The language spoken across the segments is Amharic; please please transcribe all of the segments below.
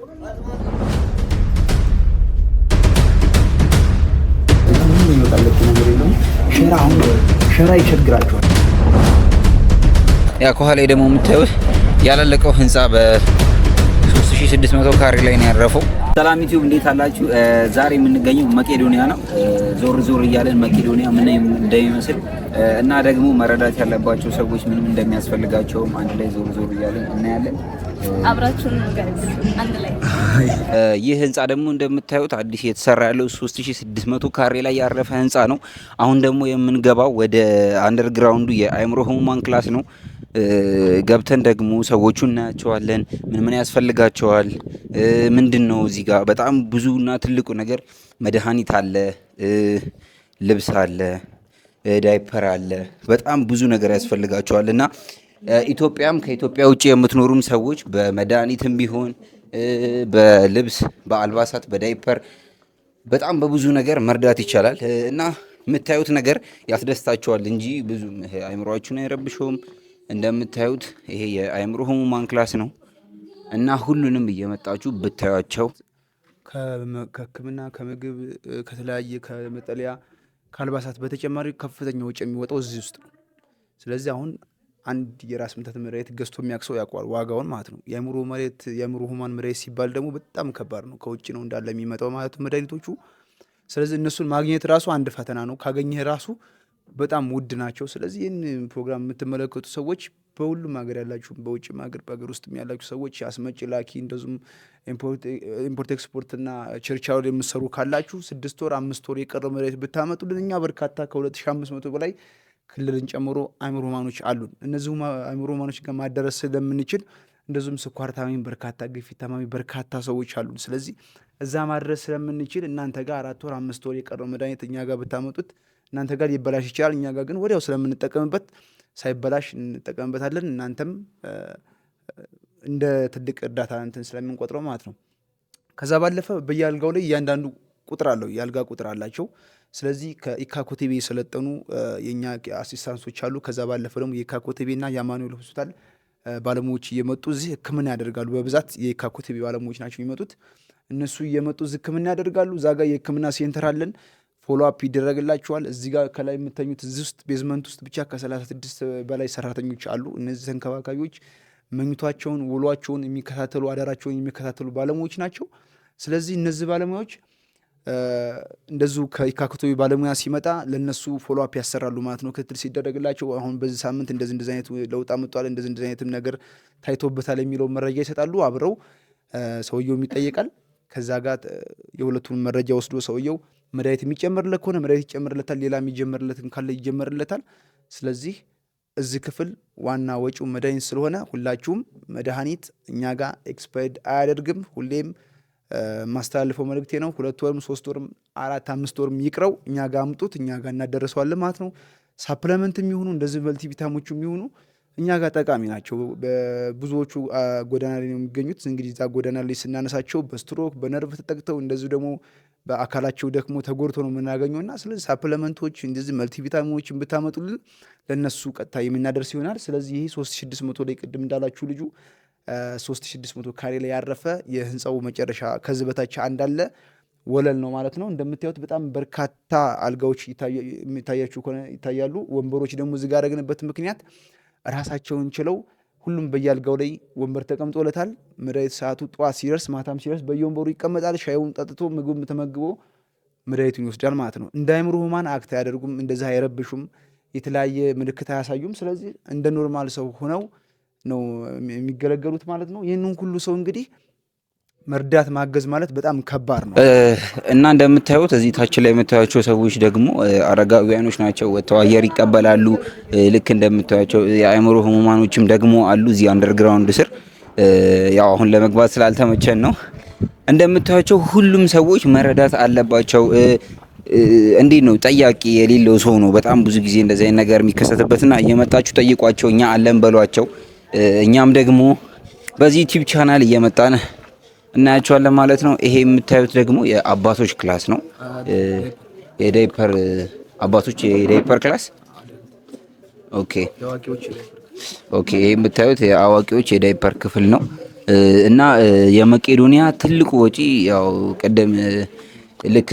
ምንም ነገር የለውም። ሸራ አሁን ሸራ ይቸግራቸዋል። ያ ከኋላ ደግሞ የምታዩት ያላለቀው ህንፃ በ3600 ካሬ ላይ ነው ያረፈው። ሰላም ዩቲዩብ እንዴት አላችሁ? ዛሬ የምንገኘው መቄዶንያ ነው። ዞር ዞር እያለን መቄዶንያ ምን እንደሚመስል እና ደግሞ መረዳት ያለባቸው ሰዎች ምንም እንደሚያስፈልጋቸውም አንድ ላይ ዞር ዞር እያለን እናያለን። አንድ ላይ። ይህ ህንፃ ደግሞ እንደምታዩት አዲስ የተሰራ ያለው 3600 ካሬ ላይ ያረፈ ህንፃ ነው። አሁን ደግሞ የምንገባው ወደ አንደርግራውንዱ የአእምሮ ህሙማን ክላስ ነው። ገብተን ደግሞ ሰዎቹ እናያቸዋለን። ምን ምን ያስፈልጋቸዋል? ምንድን ነው እዚህ ጋር በጣም ብዙና ትልቁ ነገር መድኃኒት አለ፣ ልብስ አለ፣ ዳይፐር አለ። በጣም ብዙ ነገር ያስፈልጋቸዋል እና ኢትዮጵያም ከኢትዮጵያ ውጭ የምትኖሩም ሰዎች በመድኃኒትም ቢሆን በልብስ፣ በአልባሳት፣ በዳይፐር በጣም በብዙ ነገር መርዳት ይቻላል እና የምታዩት ነገር ያስደስታቸዋል እንጂ ብዙም አይምሯችሁን አይረብሸውም። እንደምታዩት ይሄ የአእምሮ ህሙማን ክላስ ነው እና ሁሉንም እየመጣችሁ ብታያቸው ከህክምና፣ ከምግብ፣ ከተለያየ ከመጠለያ፣ ከአልባሳት በተጨማሪ ከፍተኛ ወጪ የሚወጣው እዚህ ውስጥ ነው። ስለዚህ አሁን አንድ የራስ ምታት መሬት ገዝቶ የሚያቅሰው ያውቋል ዋጋውን ማለት ነው። የአእምሮ መሬት የአእምሮ ህሙማን መሬት ሲባል ደግሞ በጣም ከባድ ነው። ከውጭ ነው እንዳለ የሚመጣው ማለት መድኃኒቶቹ። ስለዚህ እነሱን ማግኘት ራሱ አንድ ፈተና ነው። ካገኘህ ራሱ በጣም ውድ ናቸው። ስለዚህ ይህን ፕሮግራም የምትመለከቱ ሰዎች በሁሉም ሀገር ያላችሁ በውጭ ሀገር በሀገር ውስጥ ያላችሁ ሰዎች አስመጭ ላኪ እንደዚሁም ኢምፖርት ኤክስፖርትና ቸርቻሮ የምሰሩ ካላችሁ ስድስት ወር አምስት ወር የቀረ መሬት ብታመጡልን እኛ በርካታ ከ2500 በላይ ክልልን ጨምሮ አእምሮ ህሙማኖች አሉን። እነዚሁም አእምሮ ህሙማኖች ጋር ማደረስ ስለምንችል እንደዚሁም ስኳር ታማሚ በርካታ ግፊት ታማሚ በርካታ ሰዎች አሉን። ስለዚህ እዛ ማድረስ ስለምንችል እናንተ ጋር አራት ወር አምስት ወር የቀረው መድኃኒት እኛ ጋር ብታመጡት እናንተ ጋር ሊበላሽ ይችላል። እኛ ጋር ግን ወዲያው ስለምንጠቀምበት ሳይበላሽ እንጠቀምበታለን። እናንተም እንደ ትልቅ እርዳታ እንትን ስለምንቆጥረው ማለት ነው። ከዛ ባለፈ በየአልጋው ላይ እያንዳንዱ ቁጥር አለው፣ የአልጋ ቁጥር አላቸው። ስለዚህ ከኢካኮቴቤ የሰለጠኑ የእኛ አሲስታንሶች አሉ። ከዛ ባለፈ ደግሞ የኢካኮቴቤና የአማኑኤል ሆስፒታል ባለሙያዎች እየመጡ እዚህ ህክምና ያደርጋሉ። በብዛት የካ ባለሙያዎች ናቸው የሚመጡት። እነሱ እየመጡ እዚህ ህክምና ያደርጋሉ። እዛ ጋር የህክምና ሴንተር አለን። ፎሎ አፕ ይደረግላቸዋል። እዚህ ጋር ከላይ የምተኙት እዚህ ውስጥ ቤዝመንት ውስጥ ብቻ ከ36 በላይ ሰራተኞች አሉ። እነዚህ ተንከባካቢዎች መኝቷቸውን፣ ውሏቸውን የሚከታተሉ አዳራቸውን የሚከታተሉ ባለሙያዎች ናቸው። ስለዚህ እነዚህ ባለሙያዎች እንደዚሁ ከካክቶዊ ባለሙያ ሲመጣ ፎሎ አፕ ያሰራሉ ማለት ነው። ክትትል ሲደረግላቸው አሁን በዚህ ሳምንት እንደዚህ እንደዚህ አይነት ለውጥ አምጧል፣ እንደዚህ እንደዚህ አይነትም ነገር ታይቶበታል የሚለው መረጃ ይሰጣሉ። አብረው ሰውየውም ይጠየቃል። ከዛ ጋር የሁለቱን መረጃ ወስዶ ሰውየው መድኃኒት የሚጨመርለት ከሆነ መድኃኒት ይጨመርለታል፣ ሌላ የሚጀመርለትን ካለ ይጀመርለታል። ስለዚህ እዚህ ክፍል ዋና ወጪው መድኃኒት ስለሆነ ሁላችሁም መድኃኒት እኛ ጋር ኤክስፓየርድ አያደርግም ሁሌም ማስተላልፈው መልእክቴ ነው። ሁለት ወርም ሶስት ወርም አራት አምስት ወርም ይቅረው እኛ ጋር አምጡት፣ እኛ ጋር እናደረሰዋለን ማለት ነው። ሳፕለመንት የሚሆኑ እንደዚህ መልቲ ቪታሞቹ የሚሆኑ እኛ ጋር ጠቃሚ ናቸው። ብዙዎቹ ጎዳና ላይ ነው የሚገኙት። እንግዲህ እዛ ጎዳና ላይ ስናነሳቸው በስትሮክ በነርቭ ተጠቅተው እንደዚሁ ደግሞ በአካላቸው ደክሞ ተጎድቶ ነው የምናገኘው እና ስለዚህ ሳፕለመንቶች እንደዚህ መልቲቪታሚኖች ብታመጡልን ለእነሱ ቀጥታ የምናደርስ ይሆናል። ስለዚህ ይህ መቶ ላይ ቅድም እንዳላችሁ ልጁ 3600 ካሬ ላይ ያረፈ የህንፃው መጨረሻ ከዚህ በታች አንዳለ ወለል ነው ማለት ነው። እንደምታዩት በጣም በርካታ አልጋዎች የሚታያችሁ ከሆነ ይታያሉ። ወንበሮች ደግሞ እዚህ ጋር ያደረግንበት ምክንያት ራሳቸውን ችለው ሁሉም በየአልጋው ላይ ወንበር ተቀምጦለታል። መድኃኒት ሰዓቱ ጠዋት ሲደርስ ማታም ሲደርስ በየወንበሩ ይቀመጣል። ሻዩን ጠጥቶ ምግብ ተመግቦ መድኃኒቱን ይወስዳል ማለት ነው። እንዳይምሩ ህሙማን አክት አያደርጉም፣ እንደዚህ አይረብሹም፣ የተለያየ ምልክት አያሳዩም። ስለዚህ እንደ ኖርማል ሰው ሆነው ነው የሚገለገሉት ማለት ነው። ይህንን ሁሉ ሰው እንግዲህ መርዳት ማገዝ ማለት በጣም ከባድ ነው እና እንደምታዩት እዚህ ታች ላይ የምታዩቸው ሰዎች ደግሞ አረጋውያኖች ናቸው። ወጥተው አየር ይቀበላሉ። ልክ እንደምታዩቸው የአእምሮ ህሙማኖችም ደግሞ አሉ እዚህ አንደርግራውንድ ስር። ያው አሁን ለመግባት ስላልተመቸን ነው። እንደምታዩቸው ሁሉም ሰዎች መረዳት አለባቸው። እንዴት ነው ጠያቂ የሌለው ሰው ነው በጣም ብዙ ጊዜ እንደዚህ ነገር የሚከሰትበትና እየመጣችሁ ጠይቋቸው፣ እኛ አለን በሏቸው እኛም ደግሞ በዚህ ዩቲዩብ ቻናል እየመጣን እናያቸዋለን ማለት ነው። ይሄ የምታዩት ደግሞ የአባቶች ክላስ ነው። የዳይፐር አባቶች የዳይፐር ክላስ ኦኬ ኦኬ። ይሄ የምታዩት የአዋቂዎች የዳይፐር ክፍል ነው እና የመቄዶንያ ትልቁ ወጪ ያው ቅድም ልክ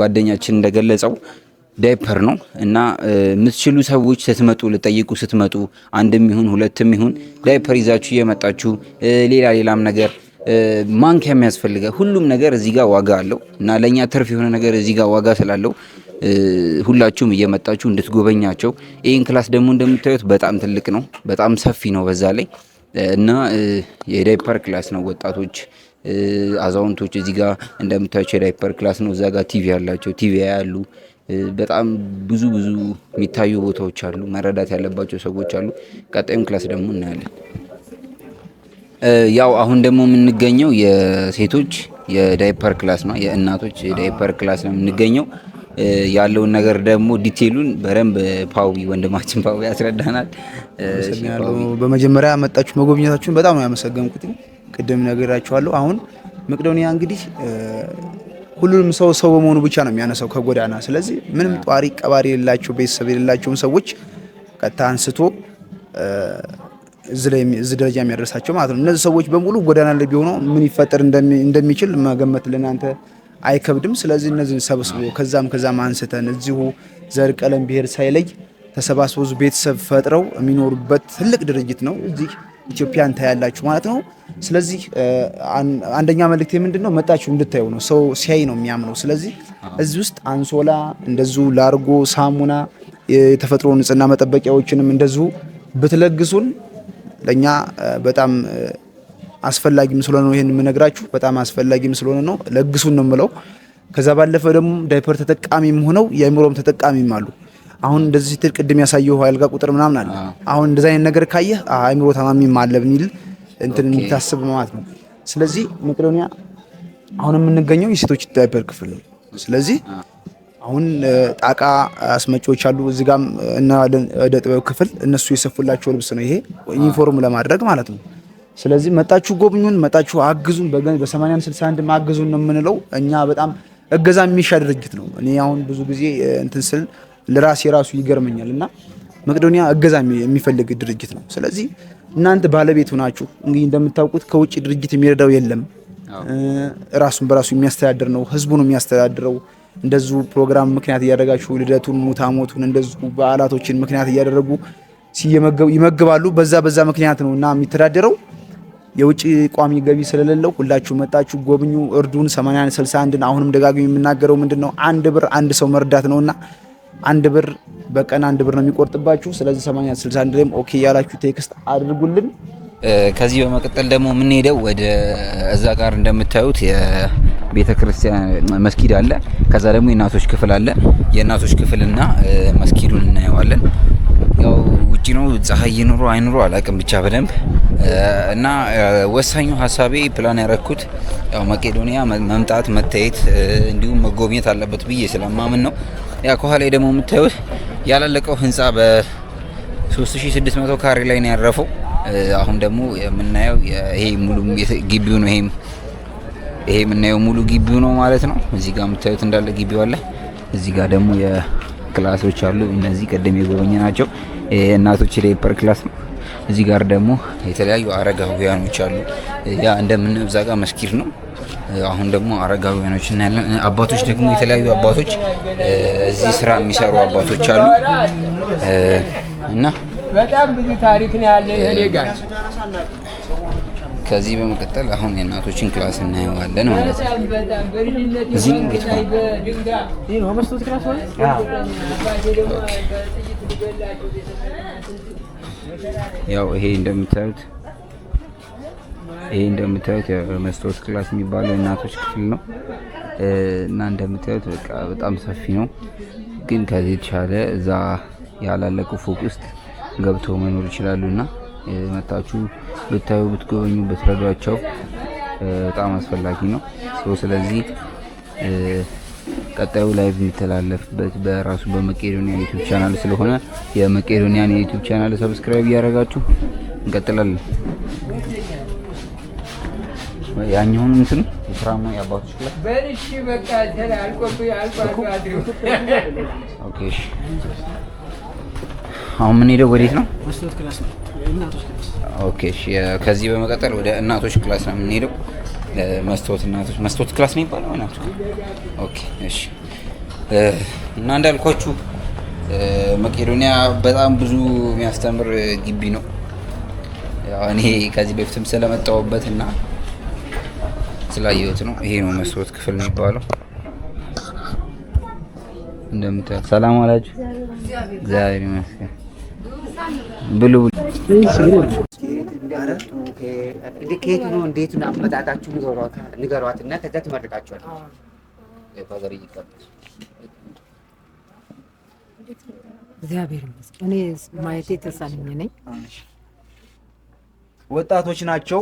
ጓደኛችን እንደገለጸው ዳይፐር ነው እና የምትችሉ ሰዎች ስትመጡ ልጠይቁ ስትመጡ አንድም ይሁን ሁለትም ይሁን ዳይፐር ይዛችሁ እየመጣችሁ ሌላ ሌላም ነገር ማንኪያ የሚያስፈልገ ሁሉም ነገር እዚህ ጋር ዋጋ አለው እና ለእኛ ትርፍ የሆነ ነገር እዚህ ጋር ዋጋ ስላለው ሁላችሁም እየመጣችሁ እንድትጎበኛቸው። ይህን ክላስ ደግሞ እንደምታዩት በጣም ትልቅ ነው፣ በጣም ሰፊ ነው በዛ ላይ እና የዳይፐር ክላስ ነው ወጣቶች አዛውንቶች እዚህ ጋር እንደምታዩቸው የዳይፐር ክላስ ነው። እዛ ጋር ቲቪ ያላቸው ቲቪ ያሉ በጣም ብዙ ብዙ የሚታዩ ቦታዎች አሉ፣ መረዳት ያለባቸው ሰዎች አሉ። ቀጣዩን ክላስ ደግሞ እናያለን። ያው አሁን ደግሞ የምንገኘው የሴቶች የዳይፐር ክላስ ነው፣ የእናቶች የዳይፐር ክላስ ነው የምንገኘው። ያለውን ነገር ደግሞ ዲቴሉን በደንብ ፓዊ ወንድማችን ፓዊ ያስረዳናል። በመጀመሪያ መጣችሁ መጎብኘታችሁን በጣም ነው ያመሰገንኩት። ቅድም ነገራችኋለሁ። አሁን መቅዶኒያ እንግዲህ ሁሉንም ሰው ሰው በመሆኑ ብቻ ነው የሚያነሳው ከጎዳና። ስለዚህ ምንም ጧሪ ቀባሪ የሌላቸው ቤተሰብ የሌላቸውን ሰዎች ቀጥታ አንስቶ እዚህ ደረጃ የሚያደርሳቸው ማለት ነው። እነዚህ ሰዎች በሙሉ ጎዳና ላይ ቢሆኑ ምን ይፈጠር እንደሚችል መገመት ለእናንተ አይከብድም። ስለዚህ እነዚህን ሰብስቦ ከዛም ከዛም አንስተን እዚሁ ዘር፣ ቀለም፣ ብሔር ሳይለይ ተሰባስበው ቤተሰብ ፈጥረው የሚኖሩበት ትልቅ ድርጅት ነው እዚህ ኢትዮጵያን ታያላችሁ ማለት ነው። ስለዚህ አንደኛ መልእክቴ ምንድን ነው መጣችሁ እንድታዩ ነው። ሰው ሲያይ ነው የሚያምነው። ስለዚህ እዚህ ውስጥ አንሶላ እንደዚሁ ላርጎ፣ ሳሙና፣ የተፈጥሮ ንጽህና መጠበቂያዎችንም እንደዚሁ ብትለግሱን ለእኛ በጣም አስፈላጊም ስለሆነ ነው ይህን የምነግራችሁ። በጣም አስፈላጊም ስለሆነ ነው ለግሱን ነው የምለው። ከዛ ባለፈ ደግሞ ዳይፐር ተጠቃሚም ሆነው የአእምሮም ተጠቃሚም አሉ። አሁን እንደዚህ ስትል ቅድም ያሳየው አልጋ ቁጥር ምናምን አለ። አሁን እንደዚህ አይነት ነገር ካየህ አእምሮ ታማሚ ማለብ በሚል እንትን የሚታስብ ማለት ነው። ስለዚህ መቄዶንያ አሁን የምንገኘው የሴቶች ዳይፐር ክፍል ነው። ስለዚህ አሁን ጣቃ አስመጪዎች አሉ እዚህ ጋም እና እደ ጥበብ ክፍል እነሱ የሰፉላቸው ልብስ ነው ይሄ ዩኒፎርም ለማድረግ ማለት ነው። ስለዚህ መጣችሁ ጎብኙን፣ መጣችሁ አግዙን። በ ስልሳ 61 አግዙን ነው የምንለው እኛ በጣም እገዛ የሚሻ ድርጅት ነው። እኔ አሁን ብዙ ጊዜ እንትን ስል ለራሴ ራሱ ይገርመኛል። እና መቄዶንያ እገዛ የሚፈልግ ድርጅት ነው። ስለዚህ እናንተ ባለቤት ሆናችሁ እንግዲህ እንደምታውቁት ከውጭ ድርጅት የሚረዳው የለም። ራሱን በራሱ የሚያስተዳድር ነው። ህዝቡ ነው የሚያስተዳድረው። እንደዚሁ ፕሮግራም ምክንያት እያደረጋችሁ ልደቱን፣ ሙታሞቱን እንደ በዓላቶችን ምክንያት እያደረጉ ይመግባሉ። በዛ በዛ ምክንያት ነው እና የሚተዳደረው የውጭ ቋሚ ገቢ ስለሌለው ሁላችሁ መጣችሁ ጎብኙ፣ እርዱን። 8061ን አሁንም ደጋግሚ የምናገረው ምንድን ነው አንድ ብር አንድ ሰው መርዳት እና አንድ ብር በቀን አንድ ብር ነው የሚቆርጥባችሁ። ስለዚህ 80 61 ላይም ኦኬ ያላችሁ ቴክስት አድርጉልን። ከዚህ በመቀጠል ደግሞ የምንሄደው ወደ እዛ ጋር እንደምታዩት የቤተ ክርስቲያን መስጊድ አለ። ከዛ ደግሞ የእናቶች ክፍል አለ። የእናቶች ክፍልና መስጊዱን እናየዋለን። ያው ውጪ ነው ፀሐይ ይኑሮ አይኑሮ አላቅም ብቻ በደንብ እና ወሳኙ ሀሳቤ ፕላን ያረኩት ያው መቄዶንያ መምጣት መታየት እንዲሁም መጎብኘት አለበት ብዬ ስለማምን ነው። ያ ከኋላ ደግሞ የምታዩት ያላለቀው ህንፃ በ3600 ካሬ ላይ ነው ያረፈው። አሁን ደግሞ የምናየው ይሄ ሙሉ ግቢው ነው። ይሄም ይሄ የምናየው ሙሉ ግቢው ነው ማለት ነው። እዚህ ጋር የምታዩት እንዳለ ግቢው አለ። እዚህ ጋር ደግሞ የክላሶች አሉ። እነዚህ ቀደም የጎበኘ ናቸው። እናቶች ሌፐር ክላስ ነው። እዚህ ጋር ደግሞ የተለያዩ አረጋውያኖች አሉ። ያ እንደምናየው እዛ ጋር መስጊድ ነው። አሁን ደግሞ አረጋውያኖች እናያለን። አባቶች ደግሞ የተለያዩ አባቶች እዚህ ስራ የሚሰሩ አባቶች አሉ እና በጣም ብዙ ታሪክ ነው ያለ ይሄ ጋር ከዚህ በመቀጠል አሁን የእናቶችን ክላስ እናየዋለን ማለት ነው። እዚህ ያው ይሄ እንደምታዩት ይሄ እንደምታዩት መስታወት ክላስ የሚባለው የእናቶች ክፍል ነው እና እንደምታዩት በቃ በጣም ሰፊ ነው። ግን ከዚህ የተሻለ እዛ ያላለቁ ፎቅ ውስጥ ገብተው መኖር ይችላሉ እና መታችሁ ብታዩ ብትጎበኙ ብትረዷቸው በጣም አስፈላጊ ነው። ስለዚህ ቀጣዩ ላይቭ የሚተላለፍበት በራሱ በመቄዶኒያ ዩቱብ ቻናል ስለሆነ የመቄዶኒያን የዩቱብ ቻናል ሰብስክራይብ እያደረጋችሁ እንቀጥላለን። ያኛውን እንትን የስራሙ የአባቶች ክላስ በልሽ በቃ ኦኬ። አሁን ምን ሄደው ወዴት ነው? ኦኬ። ከዚህ በመቀጠል ወደ እናቶች ክላስ ነው የምንሄደው። መስታወት እናቶች መስታወት ክላስ ነው የሚባለው እናቶች። ኦኬ፣ እሺ። እና እንዳልኳችሁ መቄዶንያ በጣም ብዙ የሚያስተምር ግቢ ነው። እኔ ከዚህ በፊትም ስለመጣሁበት እና ስላየሁት ነው። ይሄ ነው መስታወት ክፍል የሚባለው። እንደምታዩት ሰላም አላችሁ። እግዚአብሔር ይመስገን። ብሉ ከየት ነው እንዴት ነው አመጣጣችሁ ንገሯት እና ከዛ ትመርቃችኋል። እግዚአብሔር ይመስገን። እኔ ማየቴ ተሳለኝ ነኝ ወጣቶች ናቸው፣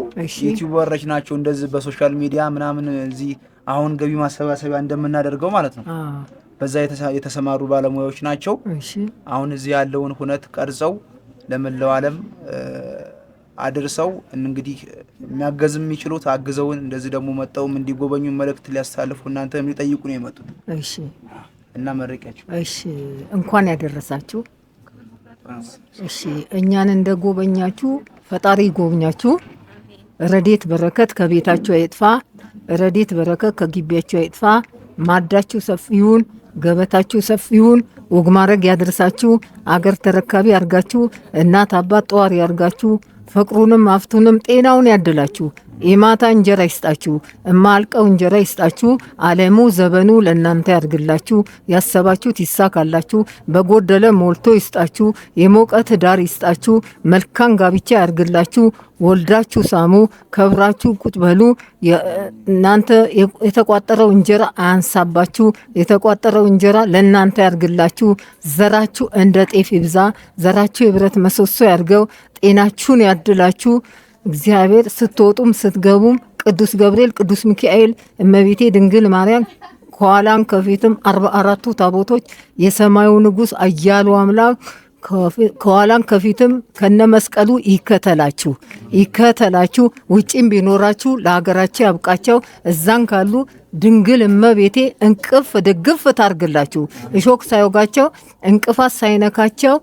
ዩቲዩበሮች ናቸው። እንደዚህ በሶሻል ሚዲያ ምናምን እዚህ አሁን ገቢ ማሰባሰቢያ እንደምናደርገው ማለት ነው በዛ የተሰማሩ ባለሙያዎች ናቸው። አሁን እዚህ ያለውን ሁነት ቀርጸው ለመላው ዓለም አድርሰው እንግዲህ የሚያገዝ የሚችሉት አግዘውን እንደዚህ ደግሞ መጠውም እንዲጎበኙ መልእክት ሊያስተላልፉ እናንተ የሚጠይቁ ነው የመጡት እና መረቂያቸው እንኳን ያደረሳችሁ። እሺ እኛን እንደ ጎበኛችሁ ፈጣሪ ጎብኛችሁ። ረዴት በረከት ከቤታችሁ አይጥፋ። ረዴት በረከት ከግቢያችሁ አይጥፋ። ማዳችሁ ሰፊውን ገበታችሁ ሰፊውን ወግ ማድረግ ያደርሳችሁ። አገር ተረካቢ ያርጋችሁ። እናት አባት ጠዋሪ ያርጋችሁ። ፍቅሩንም አፍቱንም ጤናውን ያደላችሁ የማታ እንጀራ ይስጣችሁ፣ እማልቀው እንጀራ ይስጣችሁ። አለሙ ዘበኑ ለእናንተ ያድርግላችሁ፣ ያሰባችሁት ይሳካላችሁ። በጎደለ ሞልቶ ይስጣችሁ፣ የሞቀት ዳር ይስጣችሁ። መልካም ጋብቻ ያድግላችሁ። ወልዳችሁ ሳሙ፣ ከብራችሁ ቁጭ በሉ። እናንተ የተቋጠረው እንጀራ አያንሳባችሁ፣ የተቋጠረው እንጀራ ለእናንተ ያድርግላችሁ። ዘራችሁ እንደ ጤፍ ይብዛ፣ ዘራችሁ የብረት መሰሶ ያድርገው። ጤናችሁን ያድላችሁ። እግዚአብሔር ስትወጡም ስትገቡም ቅዱስ ገብርኤል፣ ቅዱስ ሚካኤል፣ እመቤቴ ድንግል ማርያም ከኋላም ከፊትም አርባ አራቱ ታቦቶች የሰማዩ ንጉሥ አያሉ አምላክ ከኋላም ከፊትም ከነ መስቀሉ ይከተላችሁ ይከተላችሁ። ውጪም ቢኖራችሁ ለሀገራችሁ ያብቃቸው። እዛን ካሉ ድንግል እመቤቴ እንቅፍ ድግፍ ታርግላችሁ። እሾክ ሳይወጋቸው እንቅፋት ሳይነካቸው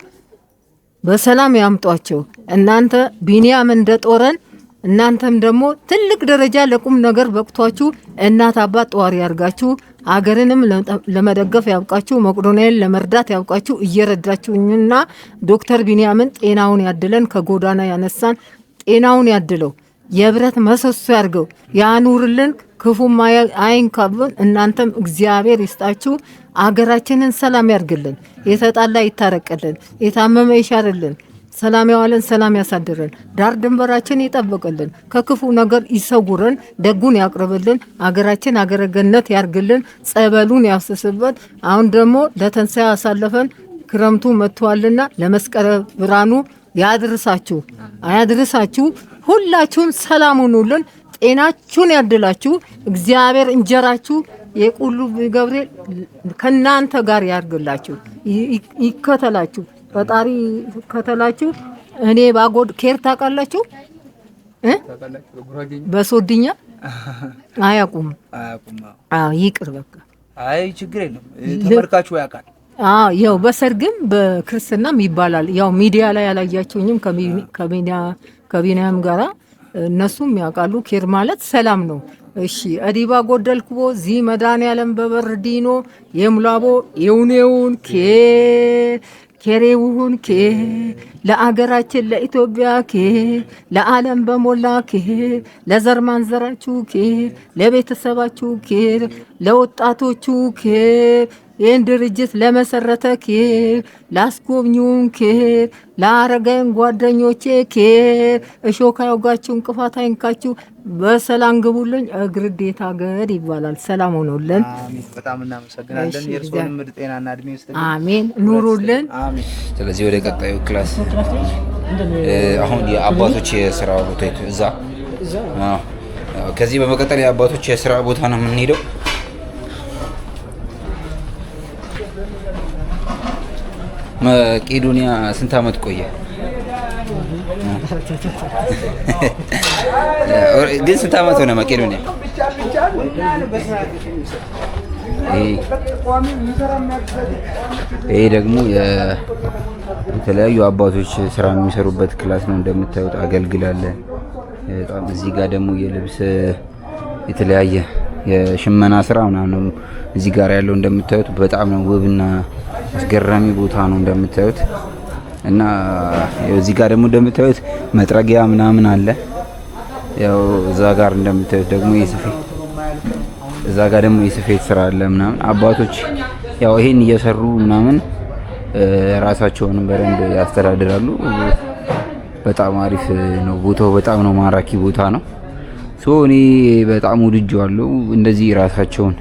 በሰላም ያምጧቸው። እናንተ ቢንያም እንደ ጦረን እናንተም ደግሞ ትልቅ ደረጃ ለቁም ነገር በቅቷችሁ እናት አባት ጠዋሪ ያርጋችሁ ሀገርንም ለመደገፍ ያብቃችሁ፣ መቄዶንያን ለመርዳት ያብቃችሁ። እየረዳችሁኝና ዶክተር ቢንያምን ጤናውን ያድለን፣ ከጎዳና ያነሳን ጤናውን ያድለው። የብረት መሰሶ ያርገው ያኑርልን፣ ክፉም አይንካብን። እናንተም እግዚአብሔር ይስጣችሁ፣ አገራችንን ሰላም ያርግልን የተጣላ ይታረቅልን፣ የታመመ ይሻርልን፣ ሰላም ያዋለን ሰላም ያሳድረን፣ ዳር ድንበራችን ይጠብቅልን፣ ከክፉ ነገር ይሰውረን፣ ደጉን ያቅርብልን፣ አገራችን አገረ ገነት ያርግልን፣ ጸበሉን ያፍስስበት። አሁን ደግሞ ለተንሳ ያሳለፈን ክረምቱ መጥቷልና ለመስቀረ ብርሃኑ ያድርሳችሁ፣ አያድርሳችሁ። ሁላችሁም ሰላም ሁኑልን፣ ጤናችሁን ያድላችሁ። እግዚአብሔር እንጀራችሁ የቁሉ ገብርኤል ከእናንተ ጋር ያድርግላችሁ፣ ይከተላችሁ፣ ፈጣሪ ይከተላችሁ። እኔ ባጎድ ኬር ታውቃላችሁ በሶድኛ አያውቁም። ይቅር በቃ። አይ ችግር የለም ተመልካችሁ ያውቃል። ያው በሰርግም በክርስትናም ይባላል። ያው ሚዲያ ላይ ያላያቸውኝም ከቢኒያም ጋራ እነሱም ያውቃሉ። ኬር ማለት ሰላም ነው። እሺ አዲባ ጎደልኩቦ ዚ መዳን መድኃኒዓለም በበር ዲኖ የሙላቦ የውኔውን ኬ ኬሬውሁን ኬ ለአገራችን ለኢትዮጵያ ኬ ለዓለም በሞላ ኬ ለዘር ማንዘራችሁ ኬ ለቤተሰባችሁ ኬ ለወጣቶቹ ኬ ይህን ድርጅት ለመሰረተ ኬር፣ ላስጎብኚውን ኬር፣ ለአረጋይን ጓደኞቼ ኬር፣ እሾካ ያውጋችሁ፣ እንቅፋት አይንካችሁ፣ በሰላም ግቡልኝ። እግርዴታ ገድ ይባላል። ሰላም ሆኖልን፣ በጣም እናመሰግናለን። የእርስዎን ምርጥ ጤናና እድሜ ይስጥልን። አሜን። ኑሩልን። ስለዚህ ወደ ቀጣዩ ክላስ አሁን የአባቶች የስራ ቦታ እዛ ከዚህ በመቀጠል የአባቶች የስራ ቦታ ነው የምንሄደው። መቄዶንያ ስንት አመት ቆየ? ግን ስንት አመት ሆነ መቄዶኒያ ይሄ ደግሞ የተለያዩ አባቶች ስራ የሚሰሩበት ክላስ ነው። እንደምታዩት አገልግላለን። በጣም እዚህ ጋር ደግሞ የልብስ የተለያየ የሽመና ስራ ምናምን እዚህ ጋር ያለው እንደምታዩት በጣም ነው ውብና አስገራሚ ቦታ ነው እንደምታዩት። እና እዚህ ጋር ደግሞ እንደምታዩት መጥረጊያ ምናምን አለ። ያው እዛ ጋር እንደምታዩት ደግሞ የስፌት እዛ ጋር ደግሞ የስፌት ስራ አለ ምናምን። አባቶች ያው ይሄን እየሰሩ ምናምን ራሳቸውንም በደንብ ያስተዳድራሉ። በጣም አሪፍ ነው ቦታው። በጣም ነው ማራኪ ቦታ ነው። ሶ እኔ በጣም ውድጅ አለው እንደዚህ ራሳቸውን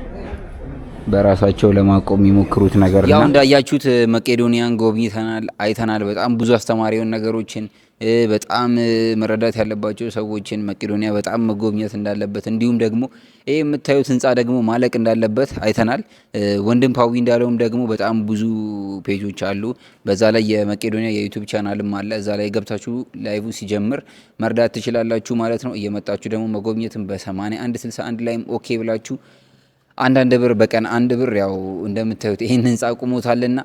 በራሳቸው ለማቆም የሚሞክሩት ነገር ያው እንዳያችሁት መቄዶኒያን ጎብኝተናል፣ አይተናል። በጣም ብዙ አስተማሪ የሆኑ ነገሮችን በጣም መረዳት ያለባቸው ሰዎችን መቄዶኒያ በጣም መጎብኘት እንዳለበት እንዲሁም ደግሞ ይህ የምታዩት ህንፃ ደግሞ ማለቅ እንዳለበት አይተናል። ወንድም ፓዊ እንዳለውም ደግሞ በጣም ብዙ ፔጆች አሉ። በዛ ላይ የመቄዶኒያ የዩቱብ ቻናልም አለ። እዛ ላይ ገብታችሁ ላይቭ ሲጀምር መርዳት ትችላላችሁ ማለት ነው። እየመጣችሁ ደግሞ መጎብኘትም በ8161 ላይም ኦኬ ብላችሁ አንዳንድ ብር በቀን አንድ ብር ያው እንደምታዩት ይህን ህንፃ ቁሞታልና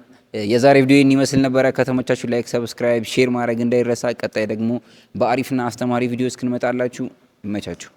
የዛሬ ቪዲዮ ይህን ይመስል ነበረ። ከተሞቻችሁ ላይክ፣ ሰብስክራይብ፣ ሼር ማድረግ እንዳይረሳ። ቀጣይ ደግሞ በአሪፍና አስተማሪ ቪዲዮ እስክንመጣላችሁ ይመቻችሁ።